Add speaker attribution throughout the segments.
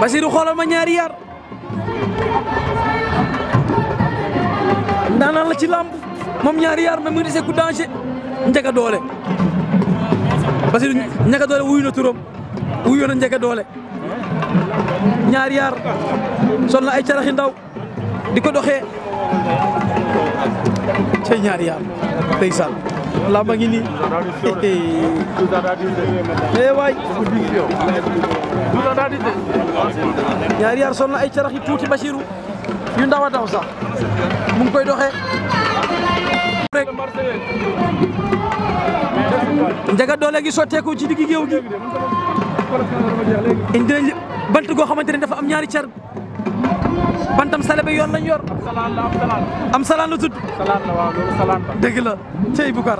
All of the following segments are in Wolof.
Speaker 1: Basiru xoolal ma ñaari yar ndaanaan la ci làmb moom ñaari yar mais mu ngi dese ku doole. Basiru njëkk doole wuyu na turam wuyu na njëkk doole ñaari sol na ay caraxi ndaw di ko doxee cay ñaari yar ndeysaan lamba ngi nii eh waay ñaari yar sol na ay carax yu tuuti Bachirou yu ndaw a daw ngi koy doxee rek doole gi sotteeku ci diggi géew gi indi nañ bant goo xamante ne dafa am ñaari car bantam sale ba yoon lañ yor am salaan la tudd salaam la waaw cey Boucar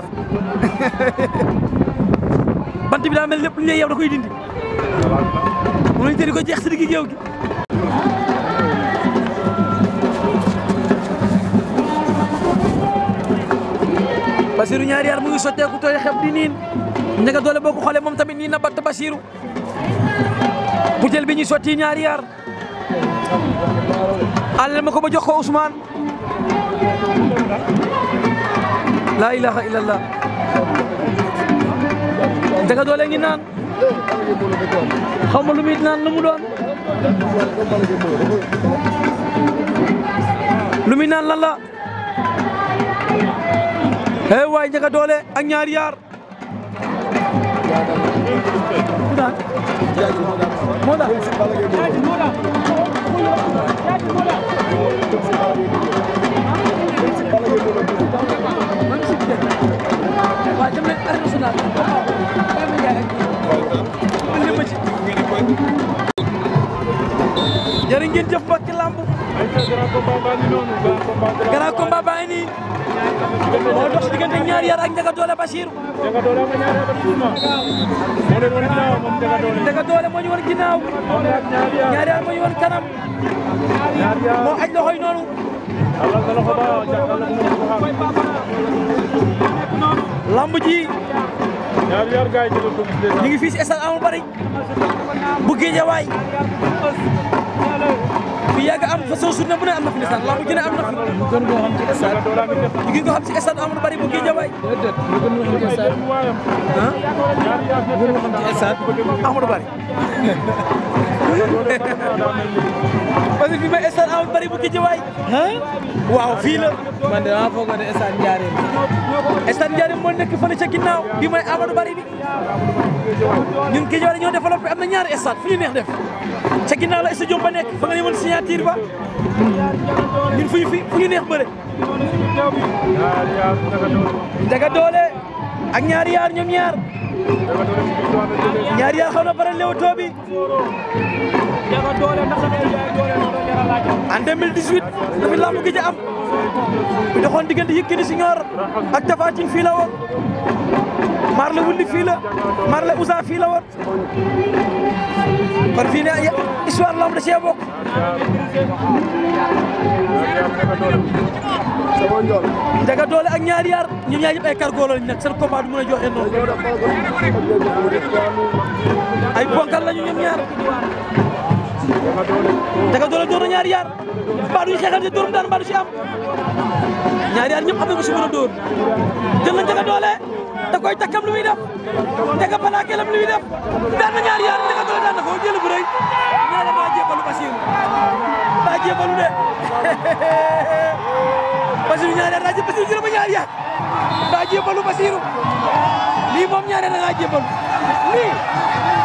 Speaker 1: bant bi daa mel lépp lu ñuy yow da koy dindi. waaw mënuñ tëri ko jeex si digg Basiru ñaari mu ngi sotteeku tooy xeb di niin doole boo ko xoolee moom tamit nii na batt Basiru butéel bi ñuy sotti ñaari yar. ma ko ba jox ko laa ilaaha illallah Ndiaga doole ngi naan xam nga lu muy naan lu mu doon lu muy naan lan la eh doole Ndiaga Dolé ak ñaari yaar moo daal jërë ngeen jëf mbokki làmb. grand combat baa ngi nii. moo dox diggante ñaari ak Ndiaga Dollé Bachir. Ndiaga Dollé moo ñu woon ginnaaw. ñaari kanam. moo aj loxoy noonu. lamb ji. ñu ngi fii si stade Amadou Barry bu Guédiawaye fi yàgg am façon journée bu ne am na fi ne sax am na fi ñu gën koo ñu ngi ko xam ci stade Amadou Barry bu Guédiawaye déedéet ñu gën koo parce que fi may stade am bari bu ki jiwaay waaw fii la man de maa foogoon ne stade Ndiarème stade Ndiarème moo nekk fële ca ginnaaw bi mooy Amadou Bari bi ñun ki jiwaay ñoo développé am na ñaar stade fu ñu neex def ca ginnaaw la stade ba nekk fa nga demoon signature ba ñun fu ñu fi fu ñu neex bëre Ndiaga Dolé ak ñaari yaar ñoom ñaar ñaari yaa xaw na bare Leewtoo bi en 2018 dafi lamb gi ci am bi doxoon diggante Yékini Senior ak Tapha Tine fii la woon Marley Wulli fii la Marley Ousa fii la woon kon fii ne histoire lamb da cee bokk. Ndiaga Dolé ak ñaari yaar ñoom ñaar ñëpp ay cargo lañ nag seen combat du mën a joxe noonu. ay bonkal lañu ñoom ñaar. Taka Dollé door na ñaari yar mbaa duñu xeexal te doorum daan mbaa du ci am ñaari yar ñëpp xam nañ ko si mën a door jël nañ Taka Dollé koy takkam lu muy def Taka palaakeelam lu muy def daan na na ko jël bu rëy nee na maa jébalu Basiru maa jébalu ba ñaari yar maa lii moom ñaari yar da ngaa jébalu lii.